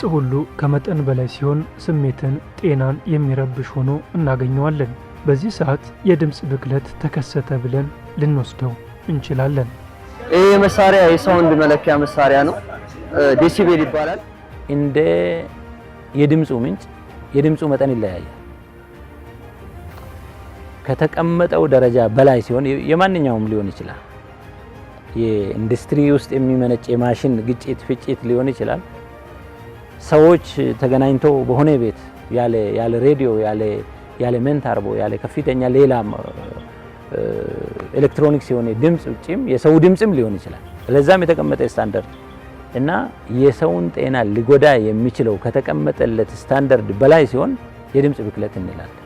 ድምፅ ሁሉ ከመጠን በላይ ሲሆን ስሜትን፣ ጤናን የሚረብሽ ሆኖ እናገኘዋለን። በዚህ ሰዓት የድምፅ ብክለት ተከሰተ ብለን ልንወስደው እንችላለን። ይህ መሳሪያ የሳውንድ መለኪያ መሳሪያ ነው፣ ዴሲቤል ይባላል። እንደ የድምፁ ምንጭ የድምፁ መጠን ይለያያል። ከተቀመጠው ደረጃ በላይ ሲሆን የማንኛውም ሊሆን ይችላል። የኢንዱስትሪ ውስጥ የሚመነጭ የማሽን ግጭት፣ ፍጭት ሊሆን ይችላል። ሰዎች ተገናኝተው በሆነ ቤት ያለ ሬዲዮ ያለ መንታርቦ ያለ ከፍተኛ ሌላ ኤሌክትሮኒክስ የሆነ ድምፅ ውጭም የሰው ድምፅም ሊሆን ይችላል። ለዛም የተቀመጠ ስታንዳርድ እና የሰውን ጤና ሊጎዳ የሚችለው ከተቀመጠለት ስታንዳርድ በላይ ሲሆን የድምፅ ብክለት እንላለን።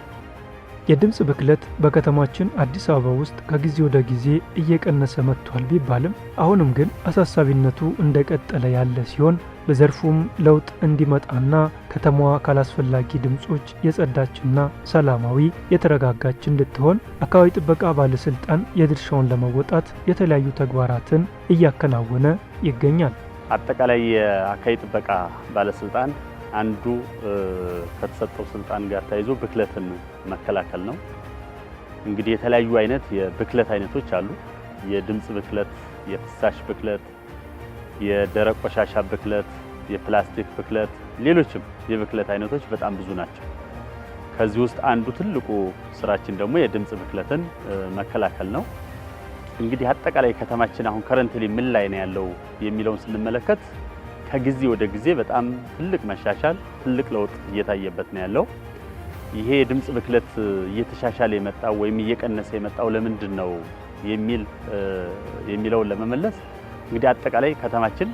የድምፅ ብክለት በከተማችን አዲስ አበባ ውስጥ ከጊዜ ወደ ጊዜ እየቀነሰ መጥቷል ቢባልም አሁንም ግን አሳሳቢነቱ እንደቀጠለ ያለ ሲሆን በዘርፉም ለውጥ እንዲመጣና ከተማዋ ካላስፈላጊ ድምፆች የጸዳችና ሰላማዊ የተረጋጋች እንድትሆን አካባቢ ጥበቃ ባለስልጣን የድርሻውን ለመወጣት የተለያዩ ተግባራትን እያከናወነ ይገኛል። አጠቃላይ የአካባቢ ጥበቃ ባለስልጣን አንዱ ከተሰጠው ስልጣን ጋር ተያይዞ ብክለትን መከላከል ነው። እንግዲህ የተለያዩ አይነት የብክለት አይነቶች አሉ። የድምፅ ብክለት፣ የፍሳሽ ብክለት የደረቅ ቆሻሻ ብክለት፣ የፕላስቲክ ብክለት፣ ሌሎችም የብክለት አይነቶች በጣም ብዙ ናቸው። ከዚህ ውስጥ አንዱ ትልቁ ስራችን ደግሞ የድምፅ ብክለትን መከላከል ነው። እንግዲህ አጠቃላይ ከተማችን አሁን ከረንትሊ ምን ላይ ነው ያለው የሚለውን ስንመለከት ከጊዜ ወደ ጊዜ በጣም ትልቅ መሻሻል፣ ትልቅ ለውጥ እየታየበት ነው ያለው። ይሄ የድምፅ ብክለት እየተሻሻለ የመጣው ወይም እየቀነሰ የመጣው ለምንድን ነው የሚለውን ለመመለስ እንግዲህ አጠቃላይ ከተማችን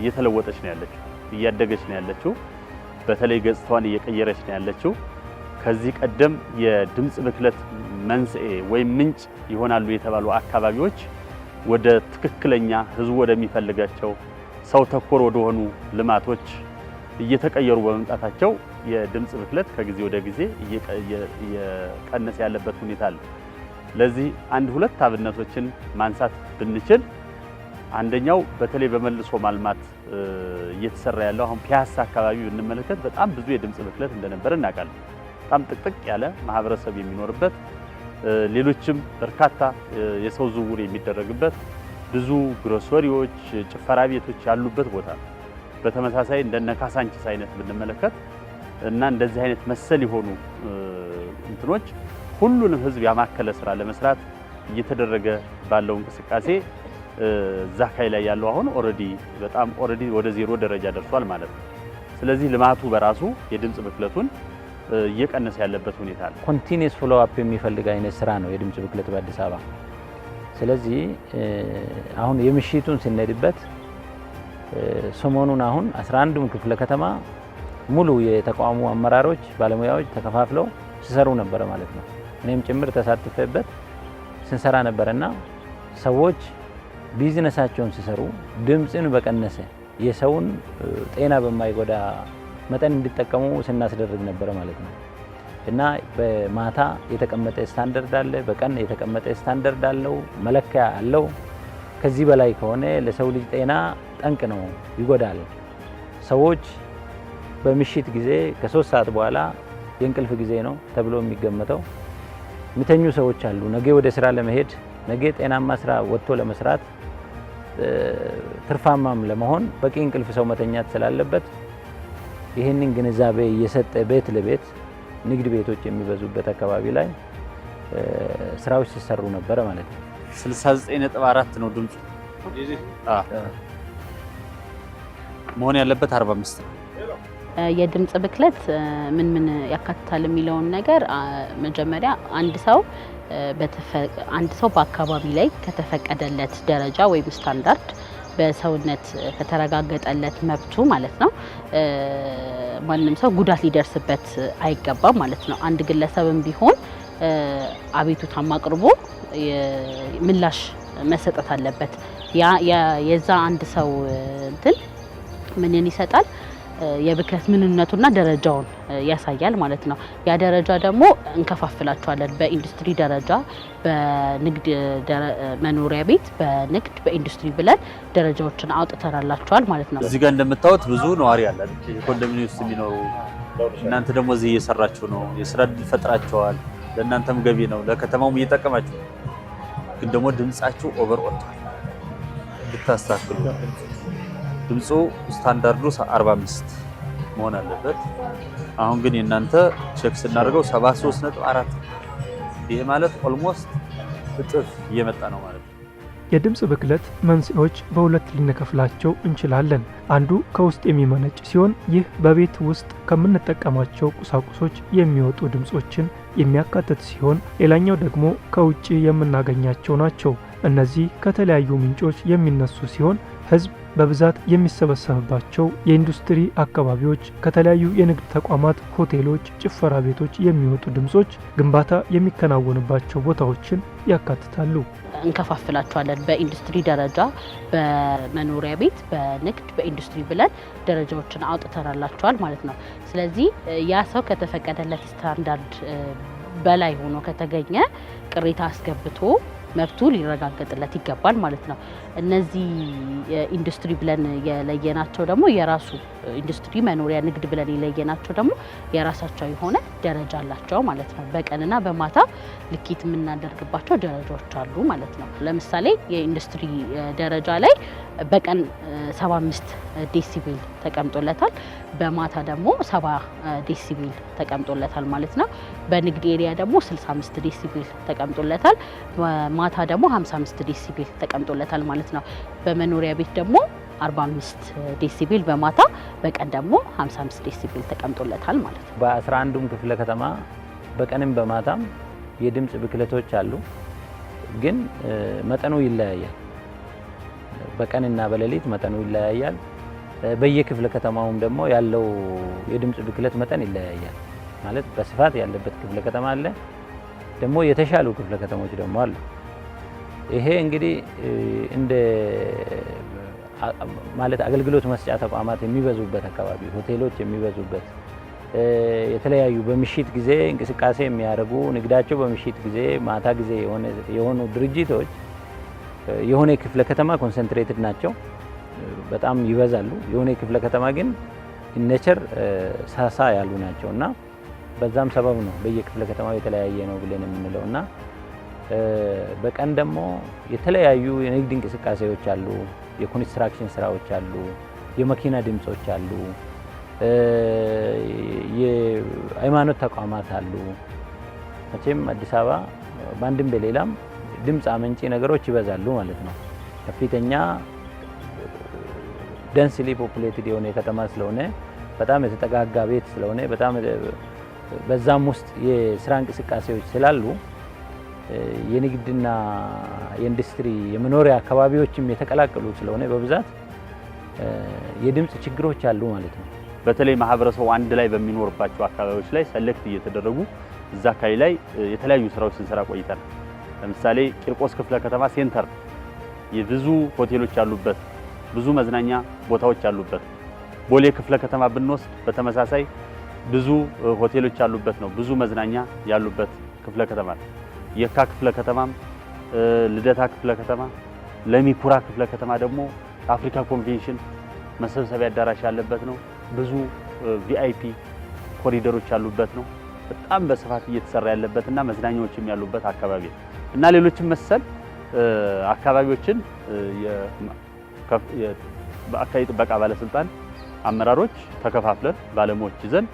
እየተለወጠች ነው ያለችው፣ እያደገች ነው ያለችው፣ በተለይ ገጽታዋን እየቀየረች ነው ያለችው። ከዚህ ቀደም የድምፅ ብክለት መንስኤ ወይም ምንጭ ይሆናሉ የተባሉ አካባቢዎች ወደ ትክክለኛ ህዝቡ ወደሚፈልጋቸው ሰው ተኮር ወደሆኑ ልማቶች እየተቀየሩ በመምጣታቸው የድምፅ ብክለት ከጊዜ ወደ ጊዜ እየቀነሰ ያለበት ሁኔታ አለ። ለዚህ አንድ ሁለት አብነቶችን ማንሳት ብንችል አንደኛው በተለይ በመልሶ ማልማት እየተሰራ ያለው አሁን ፒያሳ አካባቢ ብንመለከት በጣም ብዙ የድምፅ ብክለት እንደነበረ እናውቃለን። በጣም ጥቅጥቅ ያለ ማህበረሰብ የሚኖርበት ሌሎችም በርካታ የሰው ዝውውር የሚደረግበት ብዙ ግሮሰሪዎች፣ ጭፈራ ቤቶች ያሉበት ቦታ ነው። በተመሳሳይ እንደነ ካሳንቺስ አይነት ብንመለከት እና እንደዚህ አይነት መሰል የሆኑ እንትኖች ሁሉንም ህዝብ ያማከለ ስራ ለመስራት እየተደረገ ባለው እንቅስቃሴ ዛካይ ላይ ያለው አሁን ኦልሬዲ በጣም ኦልሬዲ ወደ ዜሮ ደረጃ ደርሷል ማለት ነው። ስለዚህ ልማቱ በራሱ የድምፅ ብክለቱን እየቀነሰ ያለበት ሁኔታ አለ። ኮንቲኒስ ፎሎው አፕ የሚፈልግ አይነት ስራ ነው የድምፅ ብክለት በአዲስ አበባ። ስለዚህ አሁን የምሽቱን ስንሄድበት ሰሞኑን አሁን 11ዱም ክፍለ ከተማ ሙሉ የተቋሙ አመራሮች ባለሙያዎች ተከፋፍለው ሲሰሩ ነበረ ማለት ነው። እኔም ጭምር ተሳትፈበት ስንሰራ ነበር እና ሰዎች ቢዝነሳቸውን ሲሰሩ ድምፅን በቀነሰ የሰውን ጤና በማይጎዳ መጠን እንዲጠቀሙ ስናስደርግ ነበረ ማለት ነው። እና በማታ የተቀመጠ ስታንደርድ አለ፣ በቀን የተቀመጠ ስታንደርድ አለው፣ መለኪያ አለው። ከዚህ በላይ ከሆነ ለሰው ልጅ ጤና ጠንቅ ነው፣ ይጎዳል። ሰዎች በምሽት ጊዜ ከሶስት ሰዓት በኋላ የእንቅልፍ ጊዜ ነው ተብሎ የሚገመተው የሚተኙ ሰዎች አሉ። ነገ ወደ ስራ ለመሄድ ነገ ጤናማ ስራ ወጥቶ ለመስራት ትርፋማም ለመሆን በቂ እንቅልፍ ሰው መተኛት ስላለበት ይህንን ግንዛቤ እየሰጠ ቤት ለቤት ንግድ ቤቶች የሚበዙበት አካባቢ ላይ ስራዎች ሲሰሩ ነበረ ማለት ነው። 69.4 ነው ድምፁ መሆን ያለበት 45 ነው። የድምፅ ብክለት ምን ምን ያካትታል የሚለውን ነገር መጀመሪያ አንድ ሰው አንድ ሰው በአካባቢ ላይ ከተፈቀደለት ደረጃ ወይም ስታንዳርድ በሰውነት ከተረጋገጠለት መብቱ ማለት ነው ማንም ሰው ጉዳት ሊደርስበት አይገባም ማለት ነው። አንድ ግለሰብም ቢሆን አቤቱታም አቅርቦ ምላሽ መሰጠት አለበት። የዛ አንድ ሰው እንትን ምንን ይሰጣል የብክለት ምንነቱና ደረጃውን ያሳያል ማለት ነው። ያ ደረጃ ደግሞ እንከፋፍላቸዋለን። በኢንዱስትሪ ደረጃ፣ በንግድ መኖሪያ ቤት፣ በንግድ በኢንዱስትሪ ብለን ደረጃዎችን አውጥተናላቸዋል ማለት ነው። እዚህ ጋር እንደምታዩት ብዙ ነዋሪ አለ ኮንዶሚኒየም ውስጥ የሚኖሩ እናንተ ደግሞ እዚህ እየሰራችሁ ነው። የስራ እድል ፈጥራቸዋል። ለእናንተም ገቢ ነው፣ ለከተማውም እየጠቀማችሁ ግን ደግሞ ድምፃችሁ ኦቨር ወጥቷል ብታስተካክሉ ድምፁ ስታንዳርዱ 45 መሆን አለበት። አሁን ግን የእናንተ ቼክ ስናደርገው 73.4 ይሄ ማለት ኦልሞስት እጥፍ እየመጣ ነው ማለት ነው። የድምፅ ብክለት መንስኤዎች በሁለት ልንከፍላቸው እንችላለን። አንዱ ከውስጥ የሚመነጭ ሲሆን ይህ በቤት ውስጥ ከምንጠቀማቸው ቁሳቁሶች የሚወጡ ድምፆችን የሚያካትት ሲሆን፣ ሌላኛው ደግሞ ከውጭ የምናገኛቸው ናቸው። እነዚህ ከተለያዩ ምንጮች የሚነሱ ሲሆን ህዝብ በብዛት የሚሰበሰብባቸው የኢንዱስትሪ አካባቢዎች፣ ከተለያዩ የንግድ ተቋማት፣ ሆቴሎች፣ ጭፈራ ቤቶች የሚወጡ ድምጾች ግንባታ የሚከናወንባቸው ቦታዎችን ያካትታሉ። እንከፋፍላቸዋለን። በኢንዱስትሪ ደረጃ፣ በመኖሪያ ቤት፣ በንግድ፣ በኢንዱስትሪ ብለን ደረጃዎችን አውጥተናላቸዋል ማለት ነው። ስለዚህ ያ ሰው ከተፈቀደለት ስታንዳርድ በላይ ሆኖ ከተገኘ ቅሬታ አስገብቶ መብቱ ሊረጋገጥለት ይገባል ማለት ነው። እነዚህ ኢንዱስትሪ ብለን የለየናቸው ደግሞ የራሱ ኢንዱስትሪ መኖሪያ ንግድ ብለን የለየናቸው ደግሞ የራሳቸው የሆነ ደረጃ አላቸው ማለት ነው። በቀንና በማታ ልኬት የምናደርግባቸው ደረጃዎች አሉ ማለት ነው። ለምሳሌ የኢንዱስትሪ ደረጃ ላይ በቀን 75 ዴሲቤል ተቀምጦለታል፣ በማታ ደግሞ 70 ዴሲቤል ተቀምጦለታል ማለት ነው። በንግድ ኤሪያ ደግሞ 65 ዴሲቤል ተቀምጦለታል፣ ማታ ደግሞ 55 ዴሲቤል ተቀምጦለታል ማለት ነው። ማለት ነው። በመኖሪያ ቤት ደግሞ 45 ዴሲቤል በማታ በቀን ደግሞ 55 ዴሲቤል ተቀምጦለታል ማለት ነው። በ11ዱም ክፍለ ከተማ በቀንም በማታም የድምፅ ብክለቶች አሉ፣ ግን መጠኑ ይለያያል። በቀንና በሌሊት መጠኑ ይለያያል። በየክፍለ ከተማውም ደግሞ ያለው የድምፅ ብክለት መጠን ይለያያል። ማለት በስፋት ያለበት ክፍለ ከተማ አለ፣ ደግሞ የተሻሉ ክፍለ ከተሞች ደግሞ አሉ። ይሄ እንግዲህ እንደ ማለት አገልግሎት መስጫ ተቋማት የሚበዙበት አካባቢ፣ ሆቴሎች የሚበዙበት የተለያዩ በምሽት ጊዜ እንቅስቃሴ የሚያደርጉ ንግዳቸው በምሽት ጊዜ ማታ ጊዜ የሆኑ ድርጅቶች የሆነ ክፍለ ከተማ ኮንሰንትሬትድ ናቸው፣ በጣም ይበዛሉ። የሆነ ክፍለ ከተማ ግን ኢነቸር ሳሳ ያሉ ናቸው እና በዛም ሰበብ ነው በየክፍለ ከተማው የተለያየ ነው ብለን የምንለው እና በቀን ደግሞ የተለያዩ የንግድ እንቅስቃሴዎች አሉ፣ የኮንስትራክሽን ስራዎች አሉ፣ የመኪና ድምፆች አሉ፣ የሃይማኖት ተቋማት አሉ። መቼም አዲስ አበባ በአንድም በሌላም ድምፅ አመንጪ ነገሮች ይበዛሉ ማለት ነው። ከፊተኛ ደንስሊ ፖፑሌትድ የሆነ ከተማ ስለሆነ በጣም የተጠጋጋ ቤት ስለሆነ በጣም በዛም ውስጥ የስራ እንቅስቃሴዎች ስላሉ የንግድና የኢንዱስትሪ የመኖሪያ አካባቢዎችም የተቀላቀሉ ስለሆነ በብዛት የድምፅ ችግሮች አሉ ማለት ነው። በተለይ ማህበረሰቡ አንድ ላይ በሚኖርባቸው አካባቢዎች ላይ ሰለክት እየተደረጉ እዛ አካባቢ ላይ የተለያዩ ስራዎች ስንሰራ ቆይተናል። ለምሳሌ ቂርቆስ ክፍለ ከተማ ሴንተር ብዙ ሆቴሎች ያሉበት፣ ብዙ መዝናኛ ቦታዎች ያሉበት፣ ቦሌ ክፍለ ከተማ ብንወስድ በተመሳሳይ ብዙ ሆቴሎች ያሉበት ነው። ብዙ መዝናኛ ያሉበት ክፍለ ከተማ ነው። የካ ክፍለ ከተማም፣ ልደታ ክፍለ ከተማ፣ ለሚኩራ ክፍለ ከተማ ደግሞ አፍሪካ ኮንቬንሽን መሰብሰቢያ አዳራሽ ያለበት ነው። ብዙ ቪአይፒ ኮሪደሮች ያሉበት ነው። በጣም በስፋት እየተሰራ ያለበት እና መዝናኛዎችም ያሉበት አካባቢ ነው እና ሌሎችም መሰል አካባቢዎችን በአካባቢ ጥበቃ ባለስልጣን አመራሮች ተከፋፍለን ባለሙያዎች ይዘን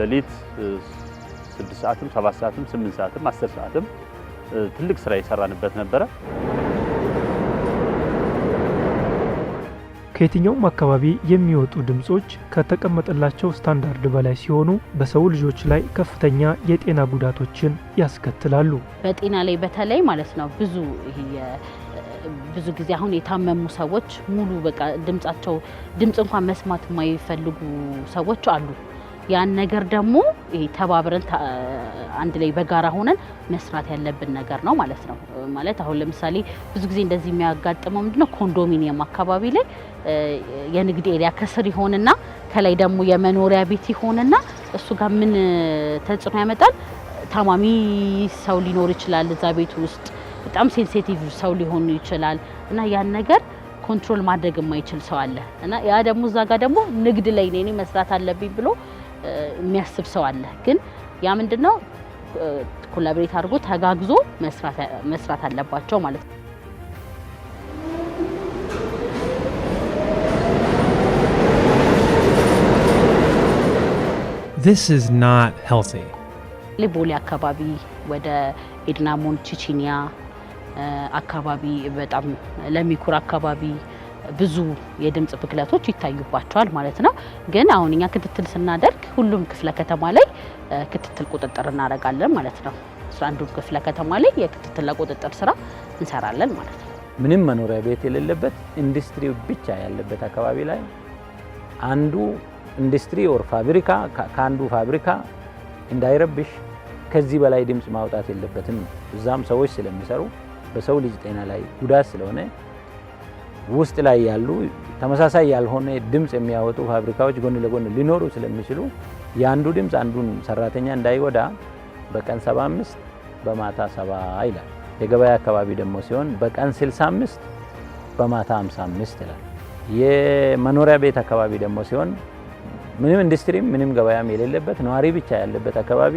ሌሊት ስድስት ሰዓትም ሰባት ሰዓትም ስምንት ሰዓትም አስር ሰዓትም ትልቅ ስራ የሰራንበት ነበረ። ከየትኛውም አካባቢ የሚወጡ ድምፆች ከተቀመጠላቸው ስታንዳርድ በላይ ሲሆኑ በሰው ልጆች ላይ ከፍተኛ የጤና ጉዳቶችን ያስከትላሉ። በጤና ላይ በተለይ ማለት ነው። ብዙ ብዙ ጊዜ አሁን የታመሙ ሰዎች ሙሉ በቃ ድምጻቸው ድምፅ እንኳን መስማት የማይፈልጉ ሰዎች አሉ። ያን ነገር ደግሞ ተባብረን አንድ ላይ በጋራ ሆነን መስራት ያለብን ነገር ነው ማለት ነው። ማለት አሁን ለምሳሌ ብዙ ጊዜ እንደዚህ የሚያጋጥመው ምንድነው ኮንዶሚኒየም አካባቢ ላይ የንግድ ኤሪያ ከስር ይሆንና ከላይ ደግሞ የመኖሪያ ቤት ይሆንና እሱ ጋር ምን ተጽዕኖ ያመጣል? ታማሚ ሰው ሊኖር ይችላል እዛ ቤት ውስጥ በጣም ሴንሴቲቭ ሰው ሊሆን ይችላል እና ያን ነገር ኮንትሮል ማድረግ የማይችል ሰው አለ እና ያ ደግሞ እዛ ጋር ደግሞ ንግድ ላይ ኔኔ መስራት አለብኝ ብሎ የሚያስብ ሰው አለ። ግን ያ ምንድነው ኮላብሬት አድርጎ ተጋግዞ መስራት አለባቸው ማለት ነው። This is not healthy. ቦሌ አካባቢ ወደ ኤድናሞን ቺቺኒያ አካባቢ በጣም ለሚኩር አካባቢ ብዙ የድምፅ ብክለቶች ይታዩባቸዋል ማለት ነው። ግን አሁን እኛ ክትትል ስናደርግ ሁሉም ክፍለ ከተማ ላይ ክትትል ቁጥጥር እናደርጋለን ማለት ነው። አንዱ ክፍለ ከተማ ላይ የክትትል ቁጥጥር ስራ እንሰራለን ማለት ነው። ምንም መኖሪያ ቤት የሌለበት ኢንዱስትሪ ብቻ ያለበት አካባቢ ላይ አንዱ ኢንዱስትሪ ኦር ፋብሪካ ከአንዱ ፋብሪካ እንዳይረብሽ ከዚህ በላይ ድምፅ ማውጣት የለበትም። እዛም ሰዎች ስለሚሰሩ በሰው ልጅ ጤና ላይ ጉዳት ስለሆነ ውስጥ ላይ ያሉ ተመሳሳይ ያልሆነ ድምፅ የሚያወጡ ፋብሪካዎች ጎን ለጎን ሊኖሩ ስለሚችሉ የአንዱ ድምፅ አንዱን ሰራተኛ እንዳይወዳ በቀን 75 በማታ 70 ይላል። የገበያ አካባቢ ደግሞ ሲሆን በቀን 65 በማታ 55 ይላል። የመኖሪያ ቤት አካባቢ ደግሞ ሲሆን ምንም ኢንዱስትሪም ምንም ገበያም የሌለበት ነዋሪ ብቻ ያለበት አካባቢ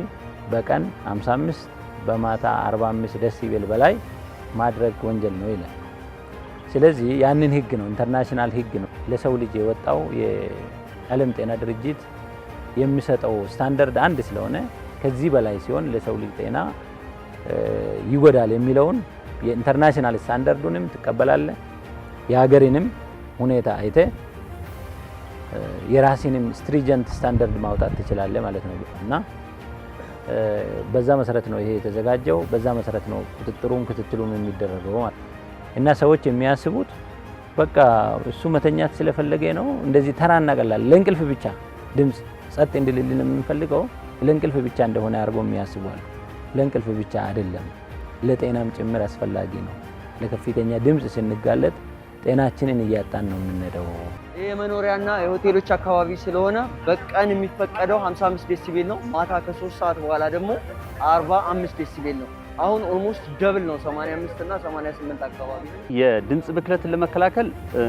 በቀን 55 በማታ 45 ደሲቤል በላይ ማድረግ ወንጀል ነው ይላል። ስለዚህ ያንን ህግ ነው ኢንተርናሽናል ህግ ነው ለሰው ልጅ የወጣው የዓለም ጤና ድርጅት የሚሰጠው ስታንዳርድ አንድ ስለሆነ ከዚህ በላይ ሲሆን ለሰው ልጅ ጤና ይጎዳል የሚለውን የኢንተርናሽናል ስታንዳርዱንም ትቀበላለ የሀገርንም ሁኔታ አይተ የራሲንም ስትሪጀንት ስታንዳርድ ማውጣት ትችላለ ማለት ነው እና በዛ መሰረት ነው ይሄ የተዘጋጀው። በዛ መሰረት ነው ቁጥጥሩም ክትትሉም የሚደረገው ማለት ነው። እና ሰዎች የሚያስቡት በቃ እሱ መተኛት ስለፈለገ ነው እንደዚህ ተራና ቀላል ለእንቅልፍ ብቻ ድምፅ ጸጥ እንድልልን የምንፈልገው ለእንቅልፍ ብቻ እንደሆነ አድርጎ የሚያስቧል። ለእንቅልፍ ብቻ አይደለም፣ ለጤናም ጭምር አስፈላጊ ነው። ለከፍተኛ ድምፅ ስንጋለጥ ጤናችንን እያጣን ነው የምንሄደው። ይህ የመኖሪያና የሆቴሎች አካባቢ ስለሆነ በቀን የሚፈቀደው 55 ዴሲቤል ነው። ማታ ከሶስት ሰዓት በኋላ ደግሞ 45 ዴሲቤል ነው። አሁን ኦልሞስት ደብል ነው 85 እና 88 አካባቢ። የድምፅ ብክለትን ለመከላከል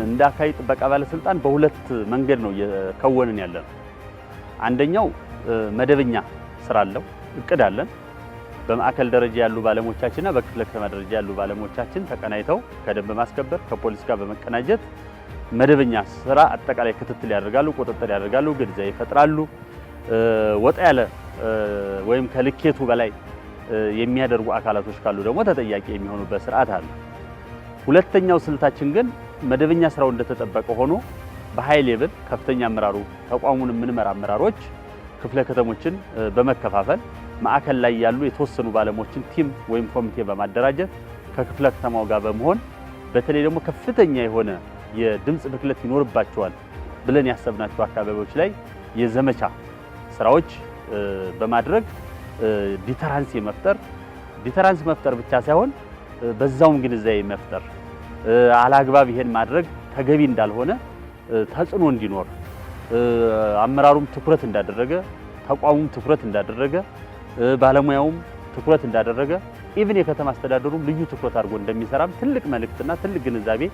እንደ አካባቢ ጥበቃ ባለስልጣን በሁለት መንገድ ነው እየከወንን ያለ ነው። አንደኛው መደበኛ ስራ አለው፣ እቅድ አለን። በማዕከል ደረጃ ያሉ ባለሞቻችንና በክፍለ ከተማ ደረጃ ያሉ ባለሞቻችን ተቀናይተው ከደንብ ማስከበር ከፖሊስ ጋር በመቀናጀት መደበኛ ስራ አጠቃላይ ክትትል ያደርጋሉ፣ ቁጥጥር ያደርጋሉ፣ ግንዛቤ ይፈጥራሉ። ወጣ ያለ ወይም ከልኬቱ በላይ የሚያደርጉ አካላቶች ካሉ ደግሞ ተጠያቂ የሚሆኑበት ስርዓት አለ። ሁለተኛው ስልታችን ግን መደበኛ ስራው እንደተጠበቀ ሆኖ በሀይ ሌቭል ከፍተኛ አመራሩ ተቋሙን የምንመራ አመራሮች ክፍለ ከተሞችን በመከፋፈል ማዕከል ላይ ያሉ የተወሰኑ ባለሙያዎችን ቲም ወይም ኮሚቴ በማደራጀት ከክፍለ ከተማው ጋር በመሆን በተለይ ደግሞ ከፍተኛ የሆነ የድምፅ ብክለት ይኖርባቸዋል ብለን ያሰብናቸው አካባቢዎች ላይ የዘመቻ ስራዎች በማድረግ ዲተራንስ የመፍጠር ዲተራንስ መፍጠር ብቻ ሳይሆን በዛውም ግንዛቤ መፍጠር አላግባብ ይሄን ማድረግ ተገቢ እንዳልሆነ ተጽዕኖ እንዲኖር አመራሩም ትኩረት እንዳደረገ ተቋሙም ትኩረት እንዳደረገ ባለሙያውም ትኩረት እንዳደረገ ኢቭን የከተማ አስተዳደሩም ልዩ ትኩረት አድርጎ እንደሚሰራም ትልቅ መልእክትና ትልቅ ግንዛቤ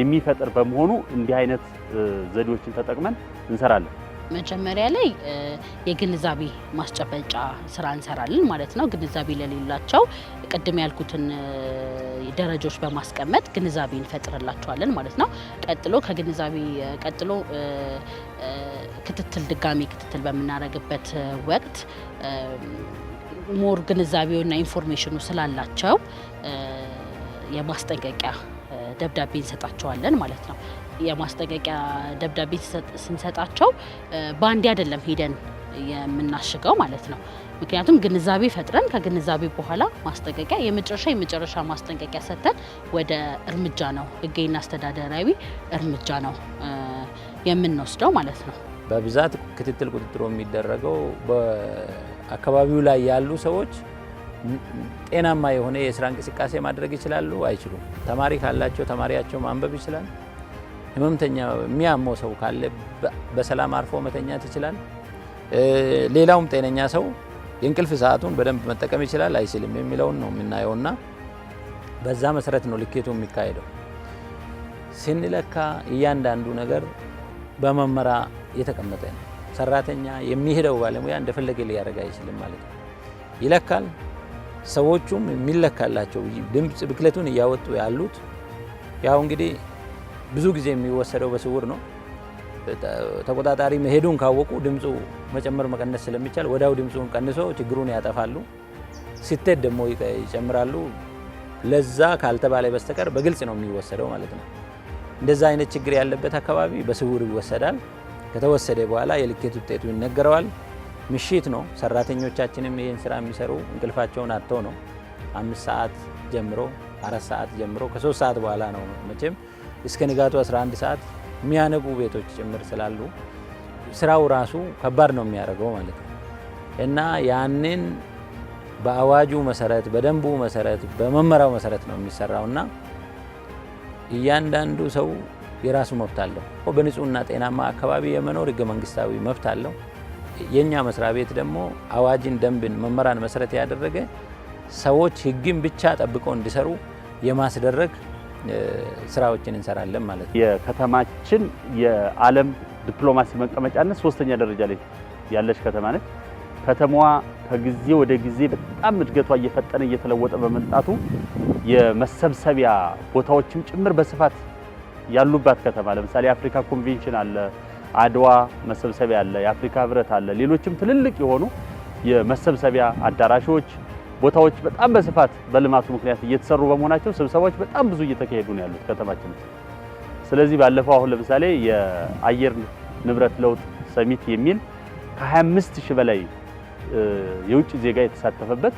የሚፈጥር በመሆኑ እንዲህ አይነት ዘዴዎችን ተጠቅመን እንሰራለን። መጀመሪያ ላይ የግንዛቤ ማስጨበጫ ስራ እንሰራለን ማለት ነው። ግንዛቤ ለሌላቸው ቅድም ያልኩትን ደረጃዎች በማስቀመጥ ግንዛቤ እንፈጥርላቸዋለን ማለት ነው። ቀጥሎ ከግንዛቤ ቀጥሎ ክትትል ድጋሚ ክትትል በምናደርግበት ወቅት ሞር ግንዛቤውና ኢንፎርሜሽኑ ስላላቸው የማስጠንቀቂያ ደብዳቤ እንሰጣቸዋለን ማለት ነው። የማስጠንቀቂያ ደብዳቤ ስንሰጣቸው በአንዴ አይደለም ሄደን የምናሽገው ማለት ነው። ምክንያቱም ግንዛቤ ፈጥረን ከግንዛቤ በኋላ ማስጠንቀቂያ የመጨረሻ የመጨረሻ ማስጠንቀቂያ ሰጥተን ወደ እርምጃ ነው ሕጋዊና አስተዳደራዊ እርምጃ ነው የምንወስደው ማለት ነው። በብዛት ክትትል ቁጥጥሮ የሚደረገው በአካባቢው ላይ ያሉ ሰዎች ጤናማ የሆነ የስራ እንቅስቃሴ ማድረግ ይችላሉ አይችሉም፣ ተማሪ ካላቸው ተማሪያቸው ማንበብ ይችላል ህመምተኛ የሚያመው ሰው ካለ በሰላም አርፎ መተኛት ይችላል። ሌላውም ጤነኛ ሰው የእንቅልፍ ሰዓቱን በደንብ መጠቀም ይችላል አይችልም የሚለውን ነው የምናየውና በዛ መሰረት ነው ልኬቱ የሚካሄደው። ስንለካ እያንዳንዱ ነገር በመመራ የተቀመጠ ነው። ሰራተኛ የሚሄደው ባለሙያ እንደፈለገ ሊያደርግ አይችልም ማለት ነው። ይለካል። ሰዎቹም የሚለካላቸው ድምፅ ብክለቱን እያወጡ ያሉት ያው እንግዲህ ብዙ ጊዜ የሚወሰደው በስውር ነው። ተቆጣጣሪ መሄዱን ካወቁ ድምፁ መጨመር መቀነስ ስለሚቻል ወዲያው ድምፁን ቀንሶ ችግሩን ያጠፋሉ። ሲቴድ ደግሞ ይጨምራሉ። ለዛ ካልተባለ በስተቀር በግልጽ ነው የሚወሰደው ማለት ነው። እንደዛ አይነት ችግር ያለበት አካባቢ በስውር ይወሰዳል። ከተወሰደ በኋላ የልኬት ውጤቱ ይነገረዋል። ምሽት ነው። ሰራተኞቻችንም ይህን ስራ የሚሰሩ እንቅልፋቸውን አጥተው ነው። አምስት ሰዓት ጀምሮ አራት ሰዓት ጀምሮ ከሶስት ሰዓት በኋላ ነው መቼም እስከ ንጋቱ 11 ሰዓት የሚያነቡ ቤቶች ጭምር ስላሉ ስራው ራሱ ከባድ ነው የሚያደርገው ማለት ነው እና ያንን በአዋጁ መሰረት፣ በደንቡ መሰረት፣ በመመሪያው መሰረት ነው የሚሰራው እና እያንዳንዱ ሰው የራሱ መብት አለው። በንጹህና ጤናማ አካባቢ የመኖር ህገ መንግስታዊ መብት አለው። የእኛ መስሪያ ቤት ደግሞ አዋጅን፣ ደንብን፣ መመሪያን መሰረት ያደረገ ሰዎች ህግን ብቻ ጠብቀው እንዲሰሩ የማስደረግ ስራዎችን እንሰራለን ማለት ነው። የከተማችን የዓለም ዲፕሎማሲ መቀመጫነት ሶስተኛ ደረጃ ላይ ያለች ከተማ ነች። ከተማዋ ከጊዜ ወደ ጊዜ በጣም እድገቷ እየፈጠነ እየተለወጠ በመምጣቱ የመሰብሰቢያ ቦታዎችም ጭምር በስፋት ያሉባት ከተማ ለምሳሌ የአፍሪካ ኮንቬንሽን አለ፣ አድዋ መሰብሰቢያ አለ፣ የአፍሪካ ህብረት አለ፣ ሌሎችም ትልልቅ የሆኑ የመሰብሰቢያ አዳራሾች ቦታዎች በጣም በስፋት በልማቱ ምክንያት እየተሰሩ በመሆናቸው ስብሰባዎች በጣም ብዙ እየተካሄዱ ነው ያሉት ከተማችን። ስለዚህ ባለፈው አሁን ለምሳሌ የአየር ንብረት ለውጥ ሰሚት የሚል ከ25 ሺህ በላይ የውጭ ዜጋ የተሳተፈበት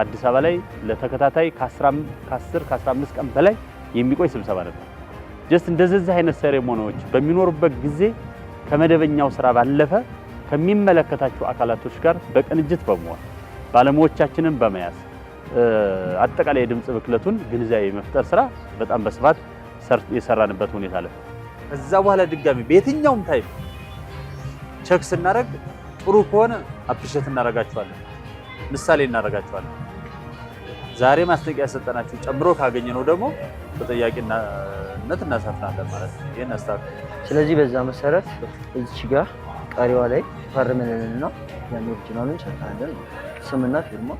አዲስ አበባ ላይ ለተከታታይ ከ10 ከ15 ቀን በላይ የሚቆይ ስብሰባ ነበር። ጀስት እንደዚህ አይነት ሴሬሞኒዎች በሚኖሩበት ጊዜ ከመደበኛው ስራ ባለፈ ከሚመለከታቸው አካላቶች ጋር በቅንጅት በመሆን ባለሙያዎቻችንን በመያዝ አጠቃላይ የድምፅ ብክለቱን ግንዛቤ የመፍጠር ስራ በጣም በስፋት የሰራንበት ሁኔታ አለ። እዛ በኋላ ድጋሚ በየትኛውም ታይም ቸክ ስናደርግ ጥሩ ከሆነ አፕሪሼት እናደርጋቸዋለን፣ ምሳሌ እናደርጋቸዋለን። ዛሬ ማስጠንቀቂያ ያሰጠናችሁ ጨምሮ ካገኘ ነው ደግሞ ተጠያቂነት እናሰፍናለን ማለት ነው። ይህን ስለዚህ በዛ መሰረት እዚች ጋር ቀሪዋ ላይ ፈርምንንና ያኔ ኦሪጂናሉን ቸካለን ማለት ነው። Semana firma.